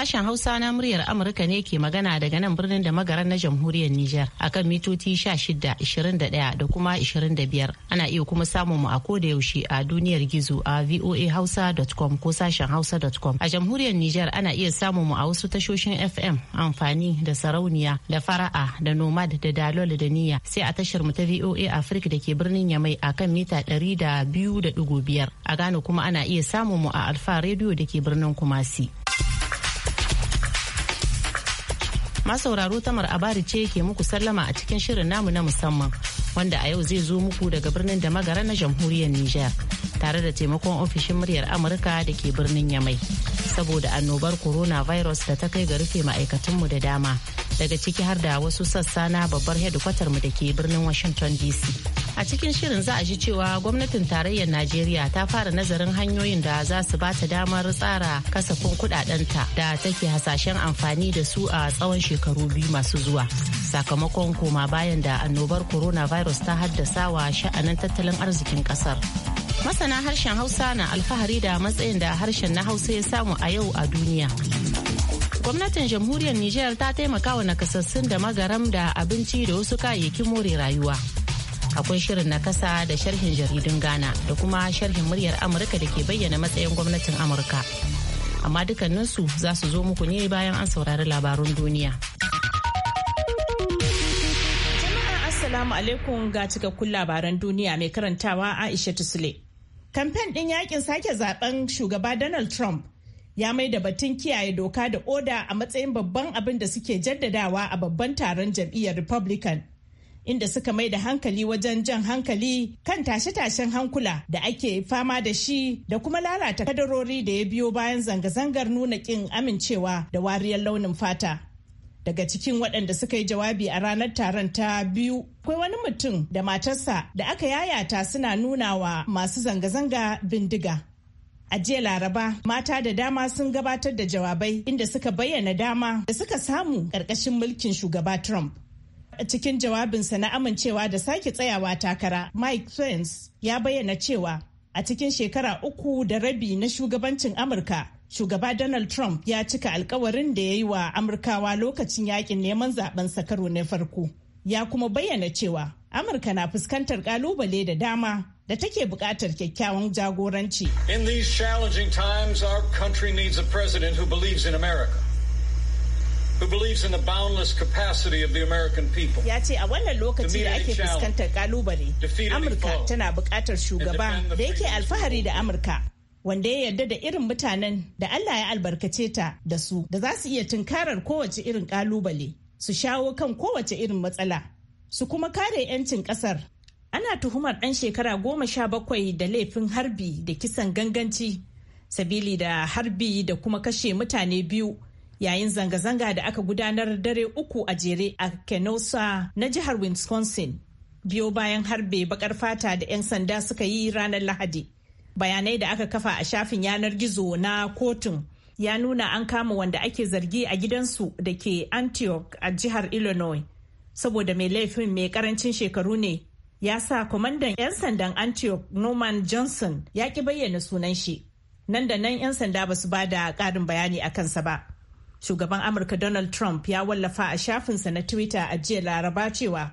Sashen Hausa na muryar Amurka ne ke magana daga nan birnin da magaran na jamhuriyar Nijar akan mitoci 16, 21 da kuma 25. Ana iya kuma samun mu a da yaushe a duniyar gizo a voahausa.com ko sashen hausa.com. A jamhuriyar Nijar ana iya samun mu a wasu tashoshin FM amfani da sarauniya da fara'a da nomad da dalol da niyya sai a tashar mu ta VOA Africa da ke birnin Yamai akan mita 200.5. A Ghana kuma ana iya samun mu a Alfa rediyo da ke birnin Kumasi. masauraro tamar abari ce ke muku sallama a cikin shirin namu na musamman wanda a yau zai zo muku daga birnin da magara na jamhuriyar Nijar tare da taimakon ofishin muryar Amurka da ke birnin Yamai saboda annobar corona virus da ta kai ga rufe ma'aikatanmu da dama daga ciki har da wasu sassa na babbar hedikwatar mu da ke birnin Washington DC. a cikin shirin za a ji cewa gwamnatin tarayyar najeriya ta fara nazarin hanyoyin da za su bata damar tsara kasafin kudadenta da take hasashen amfani da su a tsawon shekaru biyu masu zuwa sakamakon koma bayan da annobar coronavirus ta haddasa wa sha'anin tattalin arzikin kasar masana harshen hausa na alfahari da matsayin da harshen na hausa ya samu a yau a duniya gwamnatin jamhuriyar niger ta taimaka wa nakasassun da magaram da abinci da wasu kayayyakin more rayuwa akwai shirin na kasa da sharhin jaridun Ghana da kuma sharhin muryar Amurka da ke bayyana matsayin gwamnatin Amurka. Amma dukkaninsu za su zo muku ne bayan an saurari labarun duniya. Jama'a Assalamu alaikum ga cikakkun labaran duniya mai karantawa Aisha Tusule. Kamfen ɗin yakin sake zaben shugaba Donald Trump ya mai da batun kiyaye doka da oda a matsayin babban abin da suke jaddadawa a babban taron jam'iyyar republican inda suka mai da hankali wajen jan hankali kan tashe-tashen hankula da ake fama da shi da kuma lalata kadarori da ya biyo bayan zanga-zangar nuna kin amincewa da wariyar launin fata. Daga cikin waɗanda suka yi jawabi a ranar taron ta biyu, akwai wani mutum da matarsa da aka yayata suna nuna wa masu zanga-zanga bindiga. A jiya Laraba, mata da dama sun gabatar da jawabai inda suka bayyana dama da suka samu ƙarƙashin mulkin shugaba Trump. cikin jawabinsa na amincewa da sake tsayawa takara mike pence ya bayyana cewa a cikin shekara uku da rabi na shugabancin amurka shugaba donald trump ya cika alkawarin da ya yi wa amurkawa lokacin yakin neman zaben sakaro na farko ya kuma bayyana cewa amurka na fuskantar kalubale da dama da take buƙatar kyakkyawan jagoranci in these challenging times our country needs a president who believes in america who believes in the boundless capacity of the American people. Ya ce a wannan lokaci da ake fuskantar kalubale, Amurka tana buƙatar shugaba da yake alfahari da Amurka. Wanda ya yarda da irin mutanen da Allah ya albarkace ta da su da za su iya tunkarar kowace irin kalubale su shawo kan kowace irin matsala su kuma kare 'yancin kasar. Ana tuhumar ɗan shekara goma sha bakwai da laifin harbi da kisan ganganci sabili da harbi da kuma kashe mutane biyu yayin zanga-zanga da aka gudanar dare uku a jere a kenosa na jihar Wisconsin biyo bayan harbe bakar fata da 'yan sanda suka yi ranar Lahadi. Bayanai da aka kafa a shafin yanar gizo na kotun ya nuna an kama wanda ake zargi a gidansu da ke Antioch a jihar Illinois. Saboda mai laifin mai karancin shekaru ne ya sa kwamandan 'yan sandan Antioch Norman Johnson ya ki bayyana sunan shi. Nan da nan 'yan sanda ba su ba da ƙarin bayani a kansa ba. Shugaban Amurka Donald Trump ya wallafa a shafinsa na Twitter a jiya Laraba cewa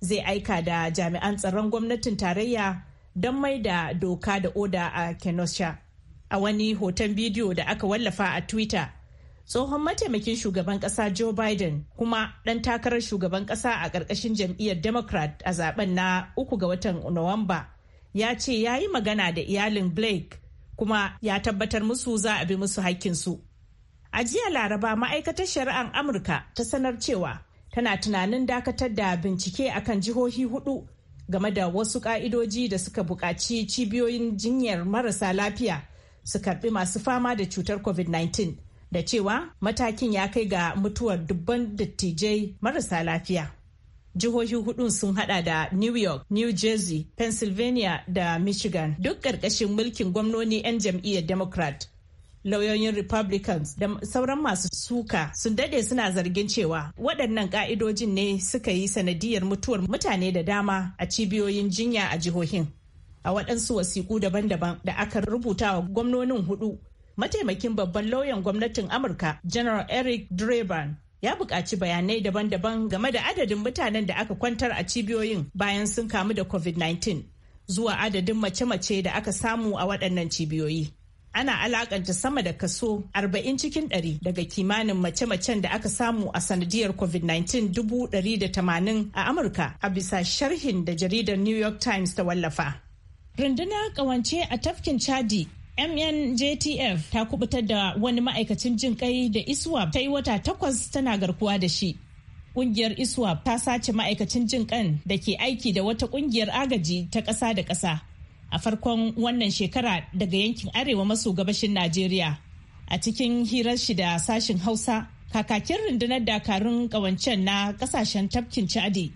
zai aika da jami'an tsaron gwamnatin tarayya don mai da doka da oda a Kenosha. A wani hoton bidiyo da aka wallafa a Twitter, tsohon mataimakin shugaban kasa Joe Biden kuma ɗan takarar shugaban kasa a ƙarƙashin jam'iyyar Democrat a zaben na uku ga watan Nuwamba ya ce ya yi magana da iyalin Blake kuma ya tabbatar musu za a bi musu haƙƙinsu. A jiya Laraba ma'aikatar shari'ar Amurka ta sanar cewa tana tunanin dakatar da bincike akan jihohi hudu game da wasu ka'idoji da suka buƙaci cibiyoyin jinyar marasa lafiya su karbi masu fama da cutar COVID-19 da cewa matakin ya kai ga mutuwar dubban dattijai marasa lafiya. jihohi hudun sun hada da New York, New Jersey, Pennsylvania da Michigan duk ƙarƙashin mulkin gwamnoni 'yan jam'iyyar Democrat. lauyoyin republicans da sauran masu suka sun dade suna zargin cewa waɗannan ƙa'idojin ne suka yi sanadiyar mutuwar mutane da dama a cibiyoyin jinya a jihohin a waɗansu wasiƙu daban-daban da aka rubuta wa gwamnonin hudu mataimakin babban lauyan gwamnatin amurka general eric draban ya buƙaci bayanai daban-daban game da adadin mutanen da aka kwantar a cibiyoyin bayan sun kamu da covid-19 zuwa adadin mace-mace da aka samu a waɗannan cibiyoyi ana alakanta sama da kaso 40 cikin 100 daga kimanin mace-macen da aka samu a sanadiyar covid-19 180 a amurka a bisa sharhin da jaridar new york times ta wallafa rundunar kawance a tafkin chadi mnjtf ta kubutar da wani ma'aikacin jin kai da iswap ta yi wata takwas tana garkuwa da shi kungiyar iswap ta sace ma'aikacin jin kan da ke aiki da wata kungiyar agaji ta ƙasa da ƙasa a farkon wannan shekara daga yankin arewa maso gabashin Najeriya. A cikin hirar shi da sashin Hausa, kakakin rundunar dakarun ƙawancen na kasashen tafkin Chadi,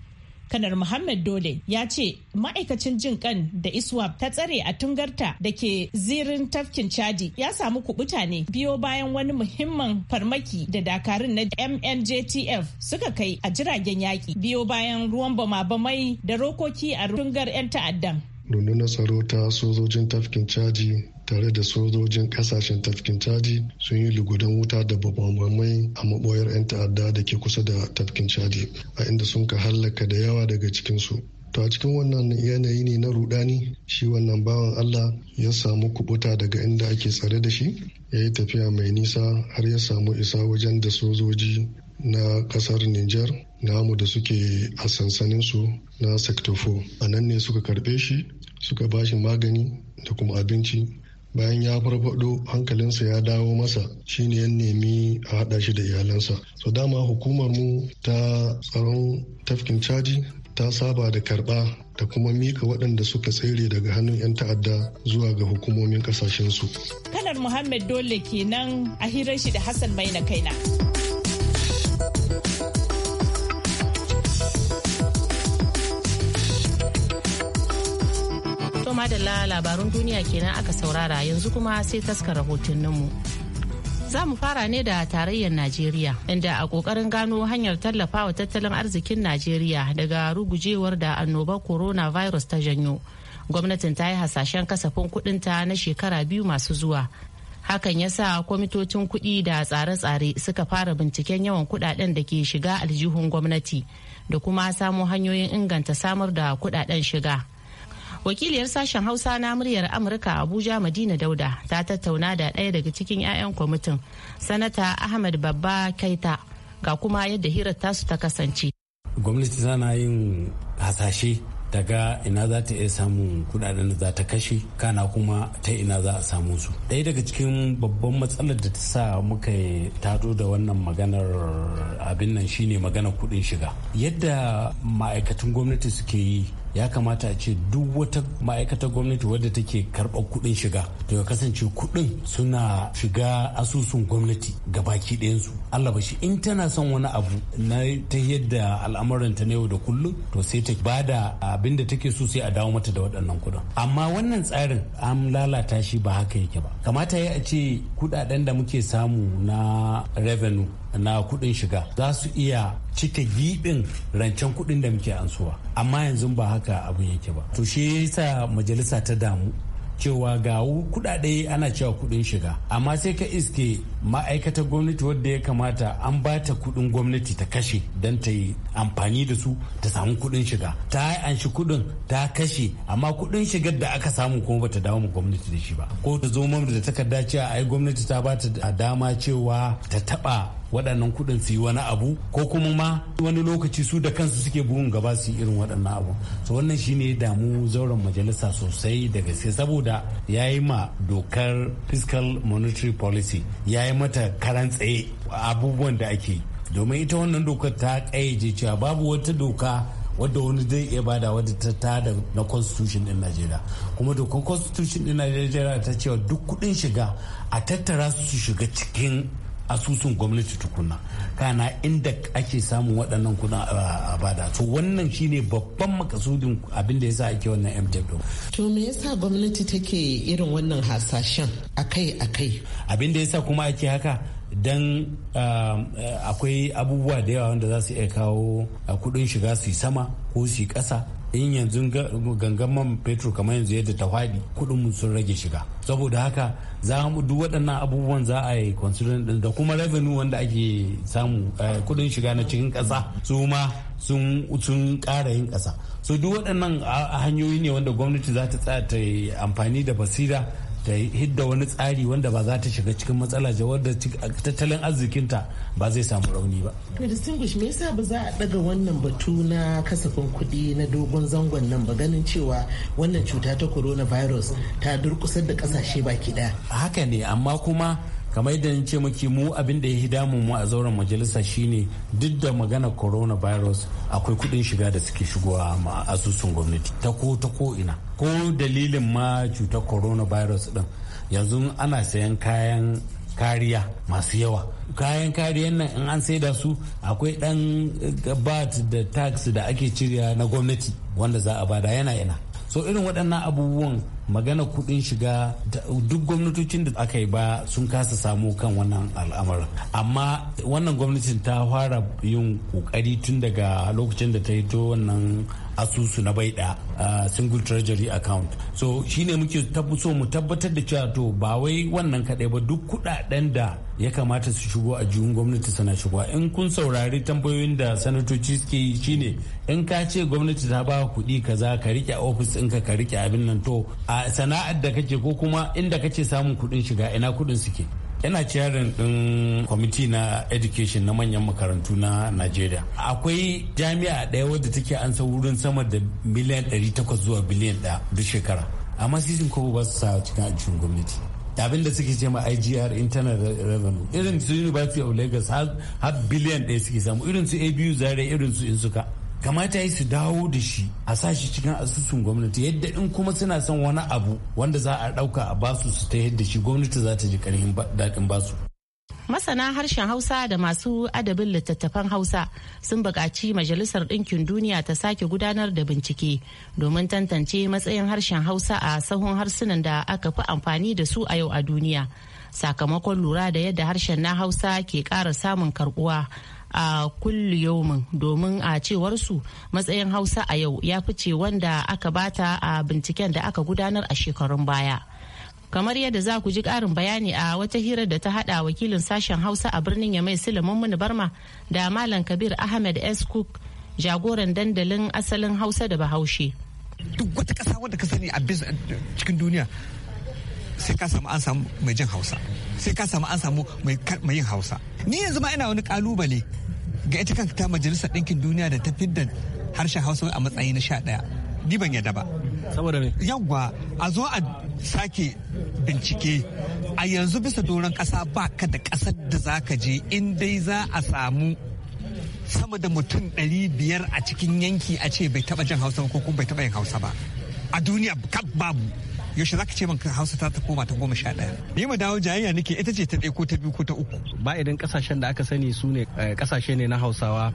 kanar Muhammad Dole ya ce ma'aikacin jin kan da ISWAP ta tsare a tungarta da ke zirin tafkin Chadi ya samu kubuta ne biyo bayan wani muhimman farmaki da dakarun na MNJTF suka kai a jiragen yaƙi biyo bayan ruwan bama-bamai da rokoki a tungar 'yan ta'addan. rundunar tsaro ta sojojin tafkin caji tare da sojojin kasashen tafkin caji sun yi lugudan wuta da babamamai a maboyar 'yan ta'adda da ke kusa da tafkin caji a inda sun ka hallaka da yawa daga cikinsu to a cikin wannan yanayi ne na rudani shi wannan bawan allah ya samu kubuta daga inda ake tsare da shi ya yi tafiya mai nisa har ya samu isa wajen da sojoji na kasar Nijar namu da suke a sansaninsu na Sektofo. A nan ne suka karɓe shi, suka ba shi magani da kuma abinci. Bayan ya farfaɗo hankalinsa ya dawo masa shi ne ya nemi a haɗa shi da iyalansa. So dama hukumar mu ta tsaron tafkin caji ta saba da karɓa da kuma mika waɗanda suka tsere daga hannun 'yan ta'adda zuwa ga hukumomin ƙasashensu. Kanar Muhammad Dole kenan a hirar shi da Hassan Maina kaina. madalla labarun duniya kenan aka saurara yanzu kuma sai taska rahotanninmu. Za mu fara ne da tarayyar Najeriya, inda a ƙoƙarin gano hanyar tallafa wa tattalin arzikin Najeriya daga rugujewar da annobar corona virus ta janyo. Gwamnatin ta yi hasashen kasafin kudinta na shekara biyu masu zuwa hakan ya sa kwamitocin kuɗi da tsare-tsare suka fara binciken yawan kuɗaɗen da ke shiga aljihun gwamnati da kuma samo hanyoyin inganta samar da kuɗaɗen shiga wakiliyar sashen hausa na muryar amurka abuja madina dauda ta tattauna da ɗaya daga cikin 'ya'yan kwamitin sanata ahmad babba kaita ga kuma yadda hirar tasu ta kasance gwamnati tana yin hasashe daga ina za ta iya samun kudaden da za ta kashe kana kuma ta ina za a samu su ɗaya daga cikin babban matsalar da ta sa muka tado da wannan maganar abin nan shine maganar kudin shiga yadda ma'aikatan gwamnati suke yi ya kamata a ce duk wata ma'aikata gwamnati wadda take karɓar kuɗin shiga to ya kasance kuɗin suna shiga asusun gwamnati ga baki ɗayansu allah shi in tana son wani abu na ta yadda al'amuranta na yau da kullum to sai ta ba da abin da take so sai a dawo mata da waɗannan kuɗin amma wannan tsarin an lalata shi ba haka yake ba kamata ya a ce kuɗaɗen da muke samu na revenue na kuɗin shiga za su iya cika giɓin rancen kuɗin da muke ansuwa amma yanzu ba haka abin yake ba to shi yasa majalisa ta damu cewa ga kuɗaɗe ana cewa kuɗin shiga amma sai ka iske ma'aikatar gwamnati wadda ya kamata an ba ta kuɗin gwamnati ta kashe don ta yi amfani da su ta samu kuɗin shiga ta yi an shi kuɗin ta kashe amma kuɗin shigar da aka samu kuma bata dawo ma gwamnati da shi ba ko ta zo da takarda cewa ai gwamnati ta ba ta dama cewa ta taɓa waɗannan kuɗin su yi wani abu ko kuma ma wani lokaci su da kansu suke bugun gaba su yi irin waɗannan abu so wannan shine damu zauren majalisa sosai da gaske saboda ya yi ma dokar fiscal monetary policy ya yi mata karan tsaye abubuwan da ake domin ita wannan dokar ta ƙayyace cewa babu wata doka wadda wani zai iya bada wadda ta tada na constitution din najeriya kuma dokar constitution din najeriya ta cewa duk kudin shiga a tattara su shiga cikin asusun gwamnati tukuna kana inda ake samun waɗannan kuɗin a bada to wannan shine babban makasudin abin da yasa ake wannan mtep to me yasa gwamnati take irin wannan hasashen akai akai abin da yasa kuma ake haka don ah, eh, akwai abubuwa da yawa wanda za su iya kawo ah, kudin shiga su yi sama ko su yi ƙasa in yanzu gangan man fetur kamar yanzu yadda ta faɗi kuɗin sun rage shiga saboda haka za mu duk waɗannan abubuwan za a yi considering din da kuma revenue wanda ake samu eh, kuɗin shiga na cikin ƙasa su ma sun ƙara yin ƙasa so duk waɗannan hanyoyi ne wanda gwamnati za ta tsaya ta amfani da basira ta hidda wani tsari wanda ba za ta shiga cikin matsala ce wadda tattalin arzikinta ba zai samu rauni ba. Na distinguish me yasa ba za a daga wannan batu na kasafin kuɗi na dogon zangon nan ba ganin cewa wannan cuta ta coronavirus ta durƙusar da ƙasashe baki ɗaya. Haka ne amma kuma kamar yadda ce maki mu abin da ya yi damun mu a zauren majalisa shine duk da magana coronavirus akwai kudin shiga da suke shigowa a asusun gwamnati ta ko ta ko ina ko dalilin ma cutar coronavirus din yanzu ana sayan kayan kariya masu yawa kayan kariyan nan in an saida su akwai dan bat da tax da ake cirewa na gwamnati wanda za a bada yana yana so irin waɗannan abubuwan magana kuɗin shiga duk gwamnatocin da aka yi ba sun kasa samu kan wannan al'amarin amma wannan gwamnatin ta fara yin ƙoƙari tun daga lokacin da ta yi to wannan asusu na baiɗa uh, single treasury account so shine muke so mu tabbatar da cewa to ba wai wannan kaɗai ba duk kuɗaɗen da ya kamata su shigo a juyin gwamnati sana shigo in kun saurari tambayoyin da sanatoci suke yi shine in ka ce gwamnati ta ba kuɗi kaza ka rike ofis ɗinka ka rike abin nan to a sana'ar da kake ko kuma inda kake samun kuɗin shiga ina kuɗin suke yana ciyarin ɗin kwamiti na education na manyan makarantu na nigeria. akwai jami'a ɗaya wadda take an sa wurin sama da miliyan 800 zuwa biliyan ɗaya duk shekara amma sisin ko ba su sa cikin ajiyar gwamnati abin da suke ce ma IGR internal revenue irin su University of Lagos har biliyan ɗaya suke samu irin su ABU zare irin su suka kamata yi su dawo da shi a sa shi cikin asusun gwamnati yadda in kuma suna son wani abu wanda za a ɗauka a basu su ta yadda shi gwamnati za ta ji karfin daɗin basu masana harshen hausa da masu adabin littattafan hausa sun buƙaci majalisar ɗinkin duniya ta sake gudanar da bincike domin tantance matsayin harshen hausa a sahun harsunan da aka fi amfani da su a yau a duniya sakamakon lura da yadda harshen na hausa ke ƙara samun karbuwa a kulliyomin domin a cewarsu matsayin hausa a yau ya fice wanda aka bata a binciken da aka gudanar a shekarun baya. kamar yadda za ku ji ƙarin bayani a wata hirar da ta haɗa wakilin sashen hausa a birnin yamai silamun muni barma da malam kabir ahmed s cook jagoran dandalin asalin hausa da bahaushe duk wata ƙasa wadda ka sani a cikin duniya sai ka samu an samu mai jin hausa sai ka samu an samu mai yin hausa ni yanzu ma ina wani kalubale ga ita kanta majalisar ɗinkin duniya da ta fidda harshen hausa a matsayi na sha ɗaya ni ban yadda ba saboda me yawwa a zo a sake bincike a yanzu bisa doron kasa ba ka da kasar da za ka je in dai za a samu sama da mutum 500 a cikin yanki a ce bai taba jin hausa ko kuma bai taba yin hausa ba a duniya kan babu yaushe za ka ce manka hausa ta ta koma ta goma sha ɗaya ni ma dawo jayayya nake ita ce ta ɗaya ko ta biyu ko ta uku ba idan ƙasashen da aka sani su ne eh, ƙasashe ne na hausawa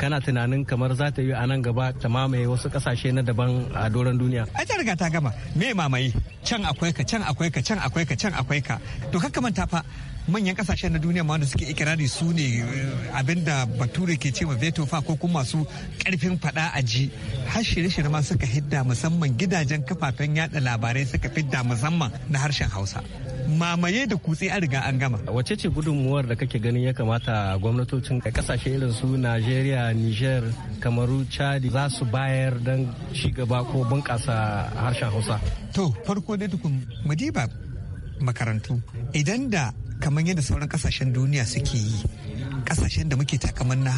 kana tunanin kamar za ta yi a nan gaba ta mamaye wasu kasashe na daban a doron duniya a ta riga ta gama me mamaye can akwai ka can akwai ka can akwai ka can akwai ka to kakka manta fa manyan kasashe na duniya ma da suke ikirari su ne eh, abinda bature ke cewa veto fa ko kuma su karfin fada a ji har shirye-shirye ma suka hidda musamman gidajen kafafen yada labarai suka fidda musamman na harshen hausa mamaye da kutse an riga an gama wace ce gudunmuwar da kake ganin ya kamata gwamnatocin kasashe irin su Najeriya Niger Kamaru Chad za su bayar don cigaba ko bunƙasa harshen Hausa to farko dai tukun madiba makarantu idan da kamar yadda sauran kasashen duniya suke yi kasashen da muke takamar na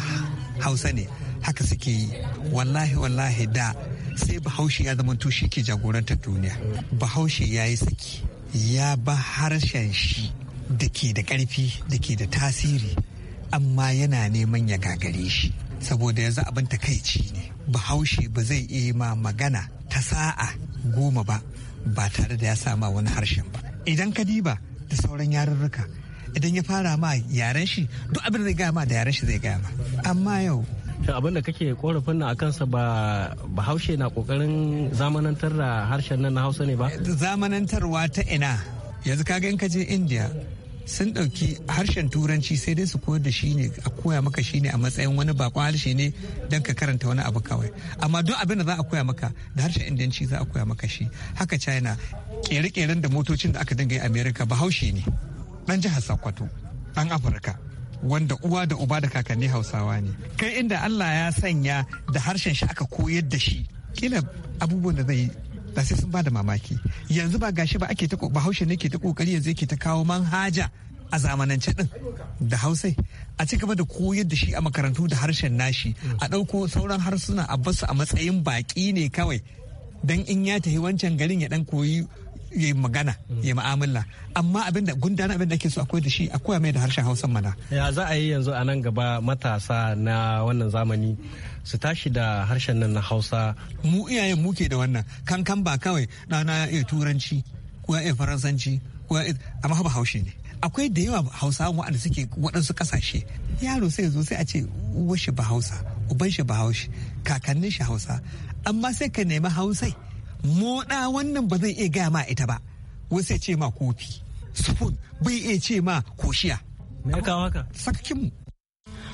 hausa ne haka suke yi wallahi wallahi da sai bahaushe ya zama tushe ke jagorantar duniya bahaushe ya yi saki ya ba harshen shi da ke da ƙarfi da ke da tasiri amma yana neman ya gagare shi saboda yanzu abin takaici ne bahaushe ba zai iya ma magana ta sa'a goma ba ba tare da ya sama wani harshen ba idan ka diba da sauran yarurruka idan ya fara ma yaren shi duk abin da zai gaya da yaren shi zai gaya amma yau shin abin da kake korafin na kansa ba bahaushe na kokarin zamanantar da harshen nan na hausa ne ba zamanantarwa ta ina yanzu kaga in ka je india sun ɗauki harshen turanci sai dai su koyar da shi ne a koya maka shi ne a matsayin wani bakon harshe ne don ka karanta wani abu kawai amma duk abin da za a koya maka da harshen indiyanci za a koya maka shi haka china kere-keren da motocin da aka dinga yi america bahaushe ne dan jihar sokoto dan afirka wanda uwa da uba da kakanni hausawa ne kai inda allah ya sanya da harshen shi aka koyar da shi kila abubuwan da zai da sai sun bada mamaki yanzu ba gashi ba ake ta bahaushe ne ke ta kokari yanzu yake ta kawo manhaja a zamanance din da hausai a ci gaba da koyar da shi a makarantu da harshen nashi a ɗauko sauran harsuna a basu a matsayin baƙi ne kawai dan in ya tafi wancan garin ya dan koyi ya yi magana ya ma'amala amma abin da gundan abin da ake so akwai da shi akwai mai da harshen hausan mana ya za a yi yanzu a nan gaba matasa na wannan zamani su tashi da harshen nan na hausa mu iyayen muke da wannan kankan ba kawai ɗana ya iya turanci ko ya iya faransanci ko ya amma ba haushe ne akwai da yawa hausa wa'anda suke waɗansu ƙasashe yaro sai zo sai a ce uwar shi ba hausa uban shi ba haushi kakannin shi hausa amma sai ka nemi hausai moɗa wannan ba zai iya gaya ma ita ba wasu ya ce ma kofi spoon bai iya ce ma koshiya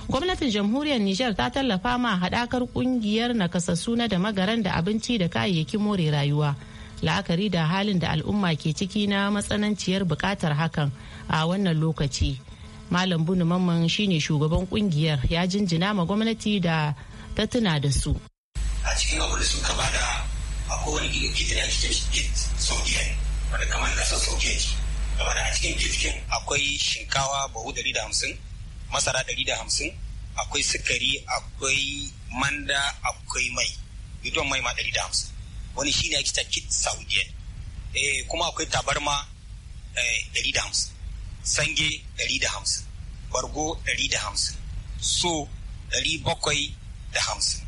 gwamnatin jamhuriyar Nijar ta tallafa ma haɗakar ƙungiyar nakasassu na da magaran da abinci da kayayyakin more rayuwa la'akari da halin da al'umma ke ciki na matsananciyar buƙatar hakan a wannan lokaci malam bunu mamman shine shugaban ƙungiyar ya jinjina ma gwamnati da ta tuna da su a cikin abu da sun da a kowane gidan kit a cikin kit saudiya ne wanda kamar kasar saudiya ce gaba da a cikin kit akwai shinkawa bahu ɗari da hamsin masara ɗari da hamsin akwai sukari akwai manda akwai mai bidon mai ma ɗari da hamsin wani shine ake ta kit sau biyar eh, kuma akwai tabarma eh, ɗari da hamsin sange ɗari da hamsin bargo ɗari da hamsin so ɗari bakwai da hamsin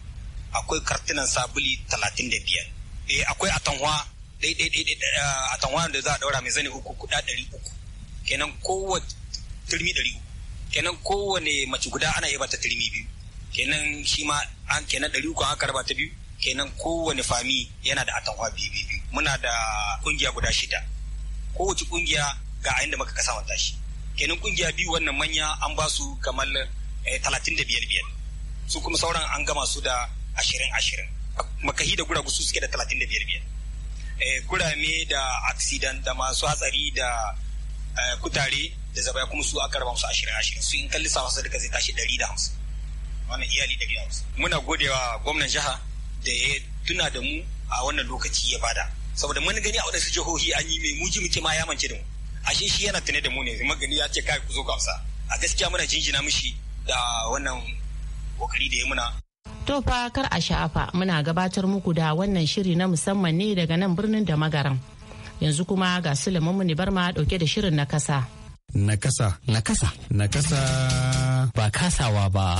akwai kartunan sabuli talatin da biyar Eh, akwai atanwa eh, atanwa da za a daura mai zane uku kuɗa ɗari uku kenan kowace turmi ɗari uku kenan kowane mace guda ana iya bata turmi biyu kenan shi ma an kenan ɗari uku aka raba ta biyu kenan kowane fami yana da atanwa biyu biyu muna da kungiya guda shida kowace kungiya ga ayin da muka kasa wanta shi kenan kungiya biyu wannan manya an ba su kamar eh, talatin da biyar biyar su kuma sauran an gama su da ashirin ashirin makahi da guragu su suke da talatin da biyar biyar eh, gurame da accident da masu hatsari da eh, kutare da zabaya kuma su aka raba musu ashirin ashirin su in kalli sa wasu duka zai tashi ɗari da hamsin wannan iyali ɗari da hamsin muna godewa gwamnan jiha da ya tuna da mu a wannan lokaci ya bada saboda mun gani a wadansu jihohi an yi mai muji muke ma ya mance da mu ashe shi yana tune da mu ne kuma gani ya ce kai ku zo gamsa a gaskiya muna jinjina mishi da wannan kokari da ya muna To fa kar a sha'afa muna gabatar muku da wannan shiri na musamman ne daga nan birnin da magaran. Yanzu kuma ga Sulaiman ne ma dauke da shirin na kasa. Na kasa. Na kasa. Na kasa. Ba kasawa ba.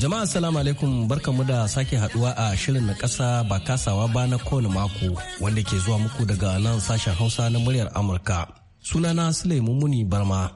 Jama'a salamu alaikum barkamu da sake haduwa a shirin na kasa ba kasawa ba na kowane mako wanda ke zuwa muku daga nan sashen Hausa na muryar Amurka. Sunana Sulaimu Muni Barma.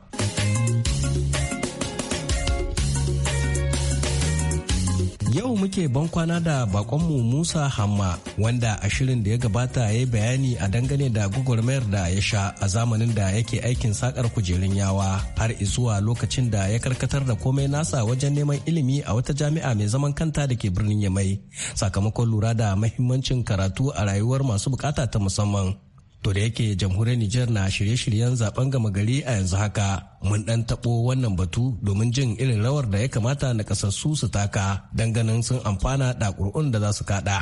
Yau muke ban kwana da bakonmu Musa Hamma wanda a shirin da ya gabata ya yi bayani a dangane da gugurmayar da ya sha a zamanin da yake aikin sakar kujerun yawa har zuwa lokacin da ya karkatar da komai nasa wajen neman ilimi a wata jami'a mai zaman kanta da ke birnin Yamai sakamakon lura da mahimmancin karatu a rayuwar masu bukata ta musamman. To da yake jamhuriyar Nijar na shirye-shiryen zaben gama gari a yanzu haka mun dan tabo wannan batu domin jin irin rawar da ya kamata na kasassu su taka ganin sun amfana da ƙur'un da za su kada.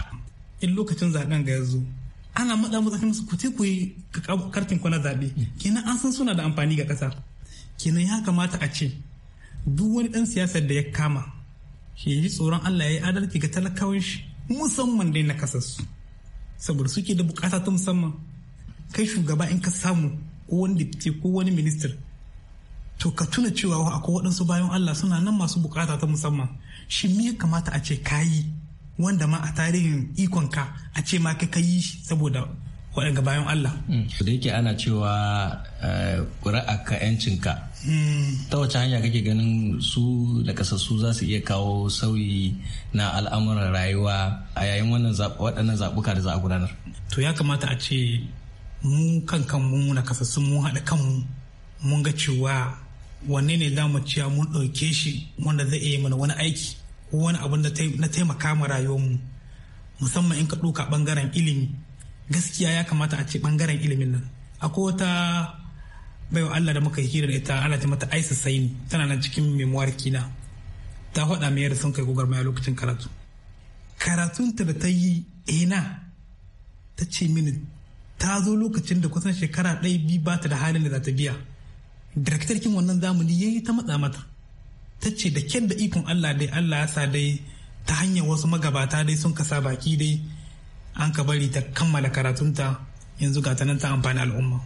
In lokacin zaben ga yanzu ana maɗa matsakan su kuce ku yi kartin kwana zaɓe kenan an san suna da amfani ga kasa kenan ya kamata a ce duk wani ɗan siyasar da ya kama shi ji tsoron Allah ya yi adalci ga talakawan shi musamman dai na su saboda suke da bukata ta musamman kai shugaba in ka samu ko wani dipti ko wani minister to ka tuna cewa akwai waɗansu bayan Allah suna nan masu bukata ta musamman shi me ya kamata a ce kayi wanda ma a tarihin ikon ka a ce ma ka yi shi saboda waɗanga bayan Allah. Mm. Da yake ana cewa eh, ƙura'a ka ka mm. ta wace hanya kake ganin su da kasassu za su iya kawo sauyi na al'amuran rayuwa a yayin waɗannan zaɓuka da za a gudanar. To ya kamata a ce mu kan kanmu na kasassun mun haɗa kanmu mun ga cewa wanne ne za mu ciya mun ɗauke shi wanda zai iya mana wani aiki ko wani da na taimaka ma rayuwarmu musamman in ka ɗauka ɓangaren ilimi gaskiya ya kamata a ce ɓangaren ilimin nan akwai wata baiwa Allah da muka hira da ita ana ce mata Aisa Saini tana nan cikin memoir kina ta faɗa mai yadda sun kai mai lokacin karatu karatunta da ta yi ina eh ta ce mini ta zo lokacin da kusan shekara ɗaya bi ba ta da halin da za ta biya kin wannan zamani ya yi ta matsa mata ta ce da kyan da ikon allah dai allah ya sa dai ta hanyar wasu magabata dai sun kasa baki dai an ka bari ta kammala karatunta yanzu ga ta nan ta amfani al'umma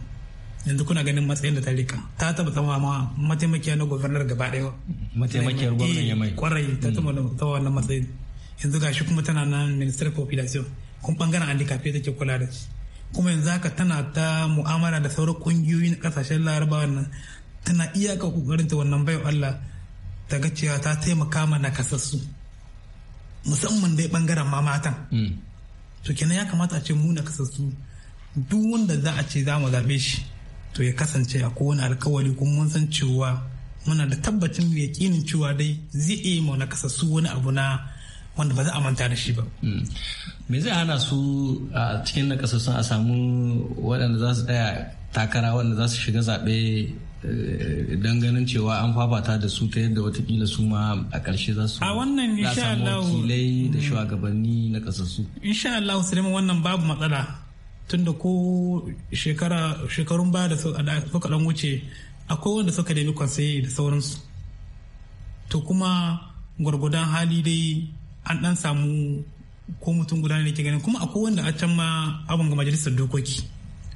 yanzu kuna ganin matsayin da ta rika ta taba zama ma mataimakiya na gwamnar gaba ɗaya mataimakiyar eh, gwamnan yamai kwarai ta taba hmm. zama wannan matsayin yanzu shi kuma tana nan minister population kun bangaren handicap take kula da shi kuma yanzu haka tana ta mu'amala da sauran kungiyoyi na kasashen larabawa nan tana iyaka kokarin ta wannan bayo Allah ta ga cewa ta taimaka ma kasassu musamman dai bangaren ma matan mm. to kenan ya kamata a ce mu na kasassu duk wanda za a ce za mu zaɓe shi to ya kasance a kowane alkawari kuma mun san cewa muna da tabbacin yakinin cewa dai zai iya ma nakasassu wani abu na wanda ba za a manta da shi ba. Hmm. Me zai hana su a cikin nakasassun a samu waɗanda za su ɗaya takara waɗanda za su shiga zaɓe eh, don ganin cewa an fafata da su ta yadda watakila su ma a ƙarshe za su a wannan insha da hmm. shugabanni na Insha Allah neman wannan babu matsala tunda ko shekara shekarun ba da suka dan wuce akwai wanda suka nemi kwasai da sauransu to kuma gwargwadon hali dai an dan samu ko mutum guda ne ke ganin kuma akwai wanda a can ma abin ga majalisar dokoki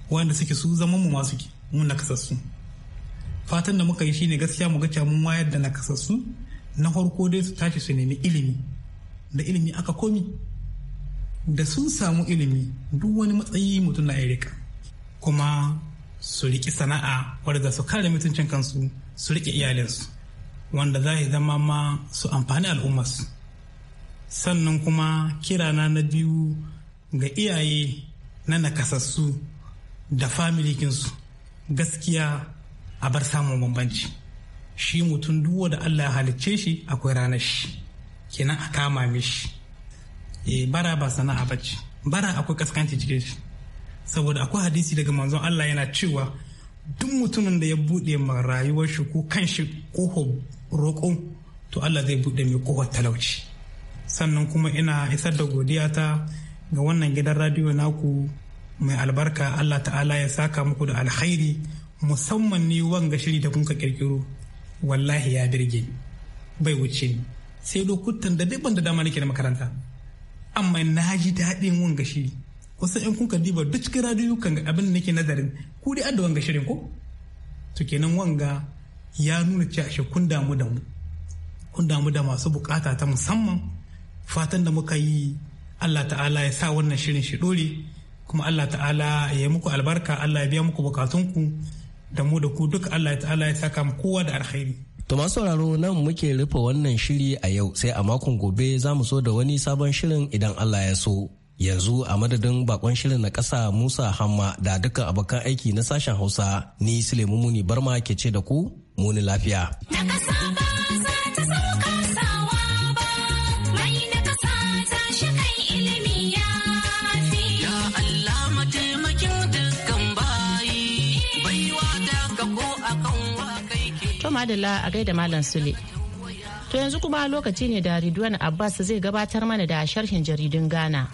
wanda suke su zaman mu masu mun nakasassu fatan da muka yi shine gaskiya mu ga mun wayar da na nakasassu na farko dai su tashi su nemi ilimi da ilimi aka komi da sun samu ilimi duk wani matsayi mutum na erika kuma su riƙi sana'a wadda su kare mutuncin kansu su riƙe iyalinsu wanda za zama ma su amfani al'ummarsu sannan kuma kirana na biyu ga iyaye na nakasassu da familikinsu gaskiya a bar samun bambanci shi mutum duwa da allah ya halicce shi akwai ranar shi kenan a kama mishi e bara ba sana'a bace bara akwai kaskanci cikin shi saboda akwai hadisi daga manzon allah yana cewa duk mutumin da ya buɗe ma rayuwar shi ko kan shi roƙo to allah zai buɗe mai kohon talauci sannan kuma ina isar da godiya ta ga wannan gidan radiyo naku mai albarka Allah ta'ala ya saka muku da alkhairi musamman ni wanga shiri da kuka kirkiro wallahi ya birge bai wuce ni sai lokutan da daban da dama nake da makaranta amma na ji daɗin wanga shiri kusan in kuka diba duk cikin ga abin da nake nazarin ku dai adda wanga shirin ko to kenan wanga ya nuna cewa shi kun damu da mu kun damu da masu bukata ta musamman fatan da muka yi allah ta'ala ya sa wannan shirin shi dore kuma allah ta'ala ya muku albarka allah ya biya muku bukatunku da mu da ku duk allah ta'ala ya saka mu kowa da alkhairi to masu sauraro nan muke rufe wannan shiri a yau sai a makon gobe za mu so da wani sabon shirin idan allah ya so yanzu a madadin bakon shirin na ƙasa musa hamma da dukkan abokan aiki na sashen hausa ni sulemu muni barma ke ce da ku muni lafiya madalla a gaida malam sule to yanzu kuma lokaci ne da ridwan abbas zai gabatar mana da sharhin jaridun ghana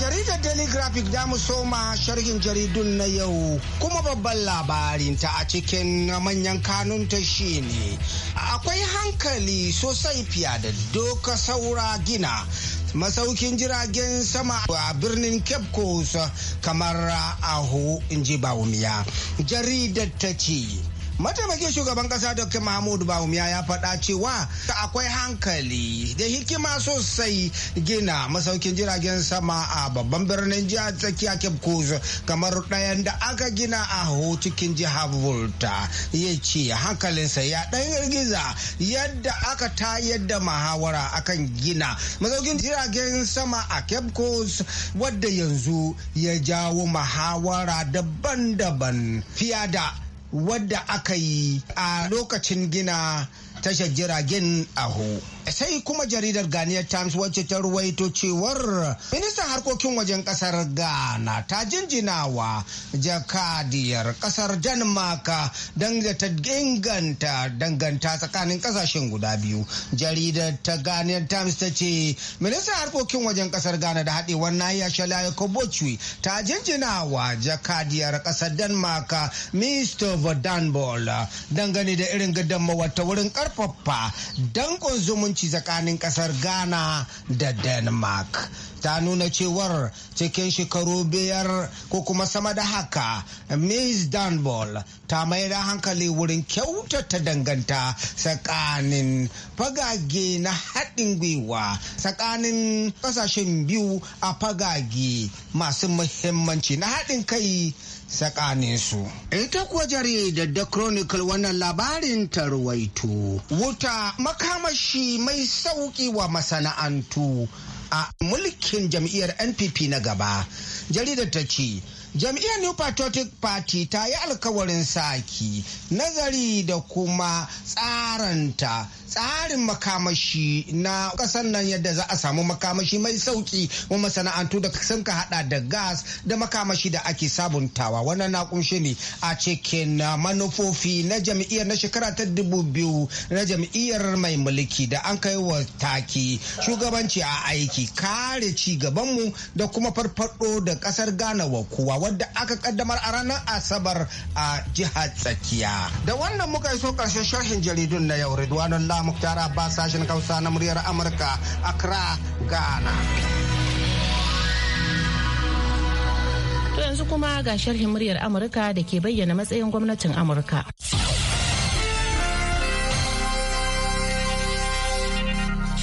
jaridar daily graphic soma sharhin jaridun na yau kuma babban labarin a cikin manyan kanunta shi ne akwai hankali sosai fiya da doka saura gina masaukin jiragen sama a birnin cape coast kamar aho in ji bawumiya jaridar ta ce mataimakin shugaban kasa dr mahmud baumia ya faɗa cewa akwai hankali da hikima sosai gina masaukin jiragen sama a babban birnin jihar tsakiya cape coast kamar ɗayan da aka gina a ho cikin jihar volta ya ce hankalinsa ya ɗan girgiza yadda aka ta yadda mahawara akan gina masaukin jiragen sama a cape coast wadda yanzu ya jawo mahawara daban-daban fiye da wadda aka yi a lokacin gina tashar jiragen aho. sai kuma jaridar Ghana Times wacce ta ruwaito cewar ministan harkokin wajen kasar Ghana ta jinjinawa jakadiyar kasar Denmark don da ta inganta danganta tsakanin kasashen guda biyu. Jaridar ta Ghana Times ta ce ministan harkokin wajen kasar Ghana da haɗewar Naya Shalaya Kobochi ta jinjinawa jakadiyar kasar Denmark Mr. Vodanbol dangane da irin gadon ta wurin karfafa dankon zumunci bambanci tsakanin kasar ghana da denmark ta nuna cewar cikin shekaru biyar ko kuma sama da haka miss danball ta mai da hankali wurin kyautata danganta tsakanin fagage na haɗin gwiwa tsakanin ƙasashen biyu a fagage masu muhimmanci na haɗin kai su. Ita kuwa jaridar The Chronicle wannan labarin ta ruwaito. Wuta makamashi mai sauki wa masana'antu a mulkin jam'iyyar npp na gaba jaridar ta ce jam'iyyar new patriotic party ta yi alkawarin saki nazari da kuma tsaranta tsarin makamashi na kasan nan yadda za a samu makamashi mai sauki wa masana'antu da sun ka hada da gas da makamashi da ake sabuntawa wannan na kunshi ne a cikin manufofi na jam'iyyar na shekara ta dubu biyu na jam'iyyar mai mulki da an kai wa taki shugabanci a aiki kare ci gabanmu da kuma farfado da kasar Ghana wa kowa wadda aka kaddamar a ranar Asabar a jihar tsakiya. Da wannan muka yi so karshen sharhin jaridun na yau Ridwanul Lamuk Tara ba sashen Hausa na muryar Amurka Accra Ghana. To yanzu kuma ga sharhin muryar Amurka da ke bayyana matsayin gwamnatin Amurka.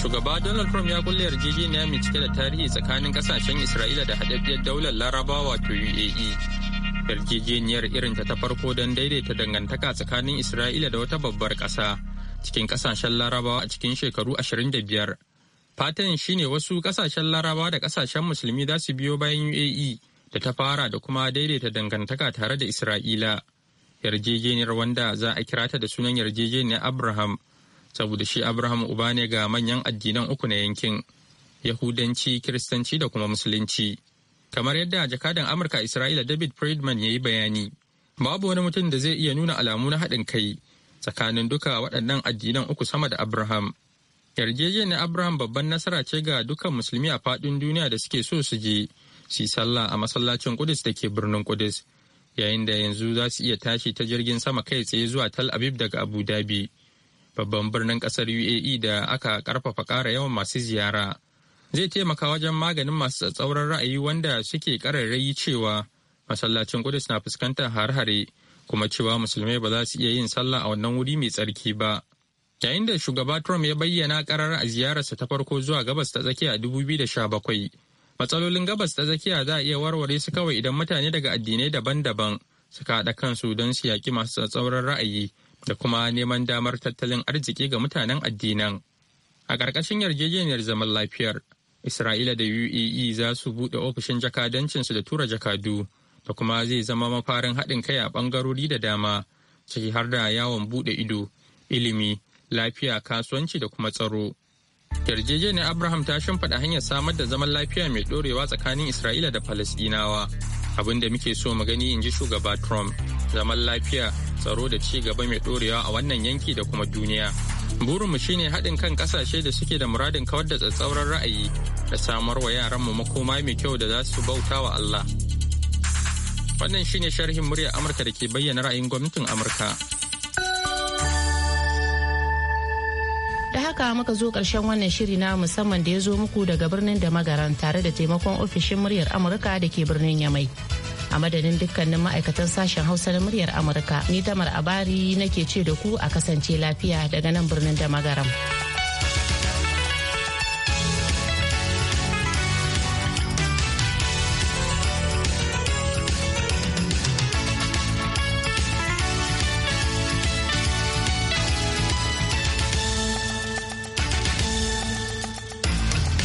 shugaba donald trump ya kulle yarjejeniya mai cike da tarihi tsakanin kasashen isra'ila da haɗaɗɗiyar daular larabawa to uae yarjejeniyar irin ta farko don daidaita dangantaka tsakanin isra'ila da wata babbar ƙasa cikin kasashen larabawa a cikin shekaru 25 fatan shine wasu kasashen larabawa da kasashen musulmi za su biyo bayan uae da ta fara da kuma daidaita dangantaka tare da isra'ila yarjejeniyar wanda za a kira ta da sunan yarjejeniyar abraham saboda shi abraham uba ne ga manyan addinan uku na yankin yahudanci kiristanci da kuma musulunci kamar yadda jakadan amurka isra'ila david friedman ya yi bayani babu wani mutum da zai iya nuna alamu na haɗin kai tsakanin duka waɗannan addinan uku sama da abraham yarjejeniyar abraham babban nasara ce ga dukkan musulmi a faɗin duniya da suke so su je su yi sallah a masallacin kudus da ke birnin kudus yayin da yanzu za su iya tashi ta jirgin sama kai tsaye zuwa Tal Abib daga Abu Dhabi babban birnin kasar UAE da aka karfafa kara yawan masu ziyara. Zai taimaka wajen maganin masu tsauran ra'ayi wanda suke ƙararrayi cewa masallacin Kudus na fuskantar har-hare kuma cewa musulmai ba za su iya yin sallah a wannan wuri mai tsarki ba. Yayin da shugaba Trump ya bayyana karar a ziyararsa ta farko zuwa gabas ta tsakiya sha 2017, matsalolin gabas ta tsakiya za a iya warware su kawai idan mutane daga addinai daban-daban suka haɗa kansu don su yaƙi masu tsatsauran ra'ayi da kuma neman damar tattalin arziki ga mutanen addinan. A ƙarƙashin yarjejeniyar zaman lafiyar, Isra'ila da UAE za su buɗe ofishin jakadancinsu da tura jakadu da kuma zai zama mafarin haɗin kai a ɓangarori da dama, ciki har da yawon buɗe ido, ilimi, lafiya, kasuwanci da kuma tsaro. Yarjejeniyar Abraham ta shimfiɗa hanyar samar da zaman lafiya mai ɗorewa tsakanin Isra'ila da Falasɗinawa. Abin da muke so mu gani in ji shugaba Trump, zaman lafiya tsaro da ci gaba mai dorewa a wannan yanki da kuma duniya. Burinmu shine haɗin kan ƙasashe da suke da muradin kawar da tsatsauran ra'ayi da samar wa yaranmu makoma mai kyau da za su bauta wa Allah. Wannan shine sharhin muryar Amurka da ke bayyana ra'ayin gwamnatin Amurka. Da haka muka zo ƙarshen wannan shiri na musamman da ya zo muku daga birnin da magaran tare da taimakon ofishin muryar Amurka da ke birnin Yamai. a madadin dukkanin ma'aikatan sashen hausa na muryar amurka ni tamar abari nake ce da ku a kasance lafiya daga nan birnin da magaram.